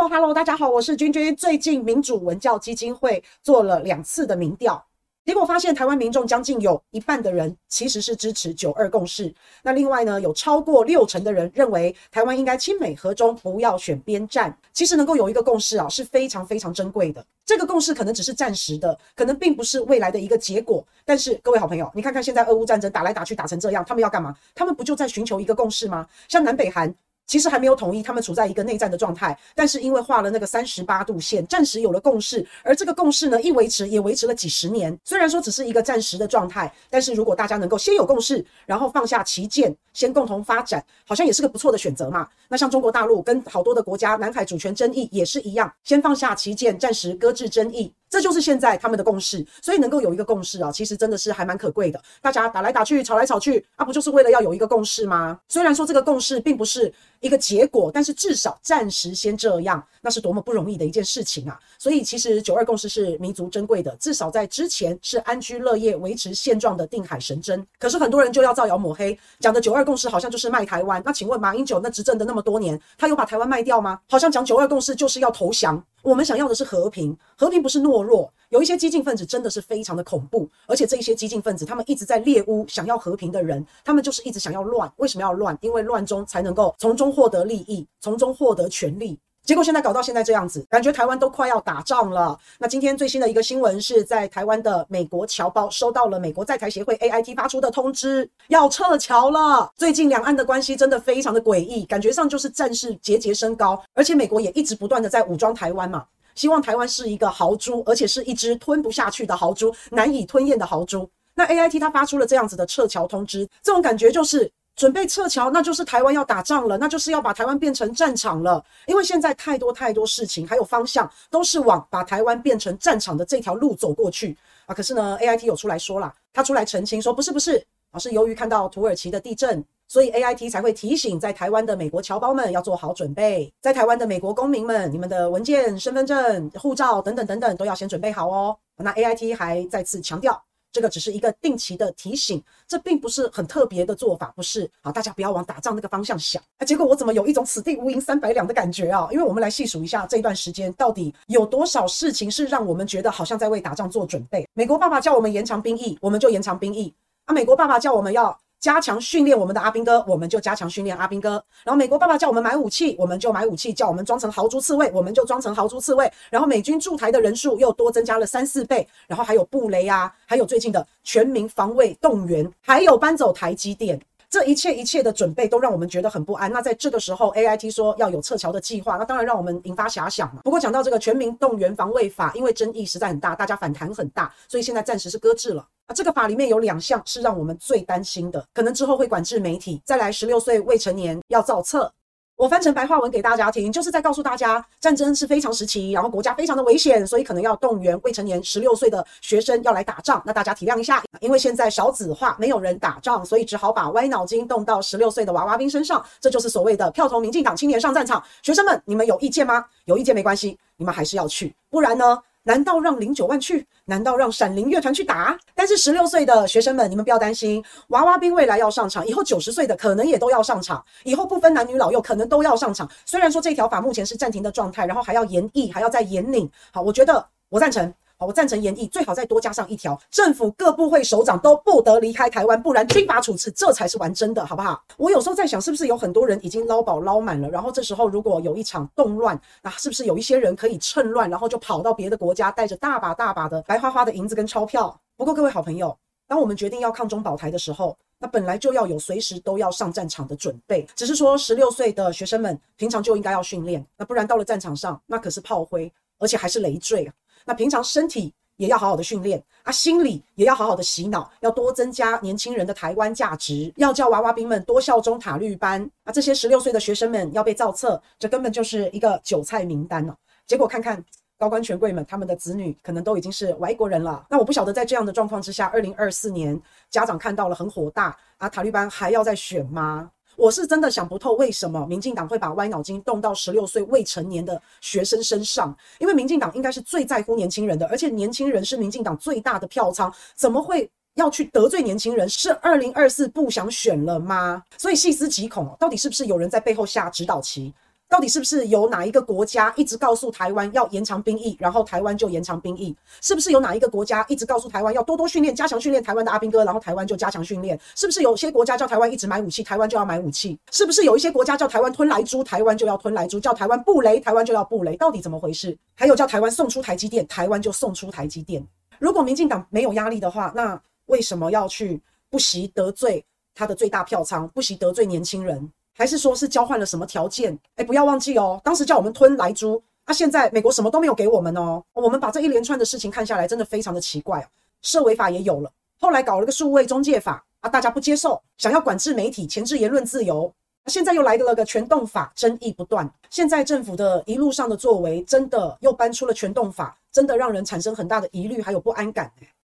哈嘍，Hello, 大家好，我是君君。最近民主文教基金會做了兩次的民調，結果發現台灣民眾將近有一半的人其實是支持九二共識。那另外呢，有超過六成的人認為台灣應該親美和中，不要選邊站。其實能夠有一個共識啊，是非常非常珍貴的。這個共識可能只是暫時的，可能並不是未來的一個結果。但是各位好朋友，你看看現在俄烏戰爭打來打去打成這樣，他們要幹嘛？他們不就在尋求一個共識嗎？像南北韓。其實還沒有統一，他們處在一個內戰的狀態，但是因為畫了那個三十八度線，暫時有了共識。而這個共識呢，一維持也維持了幾十年。雖然說只是一個暫時的狀態，但是如果大家能夠先有共識，然後放下歧見，先共同發展，好像也是個不錯的選擇嘛。那像中國大陸跟好多的國家，南海主權爭議也是一樣，先放下歧見，暫時擱置爭議。這就是現在他們的共識，所以能夠有一個共識啊，其實真的是還蠻可貴的。大家打來打去，吵來吵去，啊，不就是為了要有一個共識嗎？雖然說這個共識並不是一個結果，但是至少暫時先這樣，那是多麼不容易的一件事情啊！所以，其實九二共識是彌足珍貴的，至少在之前是安居樂業、維持現狀的定海神針。可是很多人就要造謠抹黑，講的九二共識好像就是賣台灣。那請問馬英九那執政的那麼多年，他有把台灣賣掉嗎？好像講九二共識就是要投降。我們想要的是和平，和平不是懦弱。有一些激進分子，真的是非常的恐怖，而且這一些激進分子他們一直在獵巫，想要和平的人，他們就是一直想要亂。為什麼要亂？因為亂中才能夠從中獲得利益，從中獲得權力。結果現在搞到現在這樣子，感覺台灣都快要打仗了。那今天最新的一個新聞是在台灣的美國僑胞收到了美國在台協會 AIT 發出的通知，要撤僑了。最近兩岸的關係真的非常的詭異，感覺上就是戰事節節升高，而且美國也一直不斷的在武裝台灣嘛，希望台灣是一個豪豬，而且是一隻吞不下去的豪豬，難以吞咽的豪豬。那 AIT 它發出了這樣子的撤僑通知，這種感覺就是。準備撤僑，那就是台灣要打仗了，那就是要把台灣變成戰場了。因為現在太多太多事情，還有方向，都是往把台灣變成戰場的這條路走過去啊。可是呢，A I T 有出來說啦，他出來澄清說，不是不是，而、啊、是由於看到土耳其的地震，所以 A I T 才會提醒在台灣的美國僑胞們要做好準備，在台灣的美國公民們，你們的文件、身份證、護照等等等等都要先準備好哦。那 A I T 還再次強調。這個只是一個定期的提醒，這並不是很特別的做法，不是啊？大家不要往打仗那個方向想啊！結果我怎麼有一種此地無銀三百兩的感覺啊？因為我們來細數一下這段時間到底有多少事情是讓我們覺得好像在為打仗做準備。美國爸爸叫我們延長兵役，我們就延長兵役啊！美國爸爸叫我們要。加強訓練我們的阿兵哥，我們就加強訓練阿兵哥。然後美國爸爸叫我們買武器，我們就買武器；叫我們裝成豪豬刺蝟，我們就裝成豪豬刺蝟。然後美軍駐台的人數又多增加了三四倍，然後還有布雷啊，還有最近的全民防衛動員，還有搬走台積電，這一切一切的準備都讓我們覺得很不安。那在這個時候，AIT 說要有撤僑的計劃，那當然讓我們引發遐想了。不過講到這個全民動員防衛法，因為爭議實在很大，大家反彈很大，所以現在暫時是擱置了。這個法裡面有兩項是讓我們最擔心的，可能之後會管制媒體，再來十六歲未成年要造冊。我翻成白話文給大家聽，就是在告訴大家，戰爭是非常時期，然後國家非常的危險，所以可能要動員未成年十六歲的學生要來打仗。那大家體諒一下，因為現在少子化，沒有人打仗，所以只好把歪腦筋動到十六歲的娃娃兵身上。這就是所謂的票投民進黨青年上戰場。學生們，你們有意見嗎？有意見沒關係，你們還是要去，不然呢？難道讓零九萬去？難道讓閃靈樂團去打？但是十六歲的學生們，你們不要擔心，娃娃兵未來要上場，以後九十歲的可能也都要上場，以後不分男女老幼，可能都要上場。雖然說這條法目前是暫停的狀態，然後還要研議，還要再研擬。好，我覺得我贊成。好，我贊成研議，最好再多加上一條：政府各部會首長都不得離開台灣，不然軍法處置，這才是玩真的，好不好？我有時候在想，是不是有很多人已經撈飽撈滿了，然後這時候如果有一場動亂，那是不是有一些人可以趁亂，然後就跑到別的國家，帶着大把大把的白花花的銀子跟鈔票？不過各位好朋友，當我們決定要抗中保台的時候，那本來就要有隨時都要上戰場的準備。只是說，十六歲的學生們平常就應該要訓練，那不然到了戰場上，那可是炮灰，而且還是累贅。那平常身體也要好好的訓練啊，心理也要好好的洗腦，要多增加年輕人的台灣價值，要叫娃娃兵們多效忠塔綠班啊。這些十六歲的學生們要被造冊，這根本就是一個韭菜名單了哦。結果看看高官權貴們他們的子女可能都已經是外國人了。那我不曉得在這樣的狀況之下，二零二四年家長看到了很火大啊，塔綠班還要再選嗎？我是真的想不透為什麼民進黨會把歪腦筋動到十六歲未成年的學生身上，因為民進黨應該是最在乎年輕人的，而且年輕人是民進黨最大的票倉，怎麼會要去得罪年輕人？是二零二四不想選了嗎？所以細思極恐，到底是不是有人在背後下指導棋？到底是不是有哪一個國家一直告訴台灣要延長兵役，然後台灣就延長兵役？是不是有哪一個國家一直告訴台灣要多多訓練、加強訓練台灣的阿兵哥，然後台灣就加強訓練？是不是有些國家叫台灣一直買武器，台灣就要買武器？是不是有一些國家叫台灣吞萊豬，台灣就要吞萊豬？叫台灣布雷，台灣就要布雷？到底怎麼回事？還有叫台灣送出台積電，台灣就送出台積電。如果民進黨沒有壓力的話，那為什麼要去不惜得罪他的最大票倉，不惜得罪年輕人？還是說是交換了什麼條件？哎、欸，不要忘記哦，當時叫我們吞萊豬啊，現在美國什麼都沒有給我們哦。我們把這一連串的事情看下來，真的非常的奇怪哦。社維法也有了，後來搞了個數位中介法啊，大家不接受，想要管制媒體，鉗制言論自由、啊。現在又來了個全動法，爭議不斷。現在政府的一路上的作為，真的又搬出了全動法，真的讓人產生很大的疑慮還有不安感。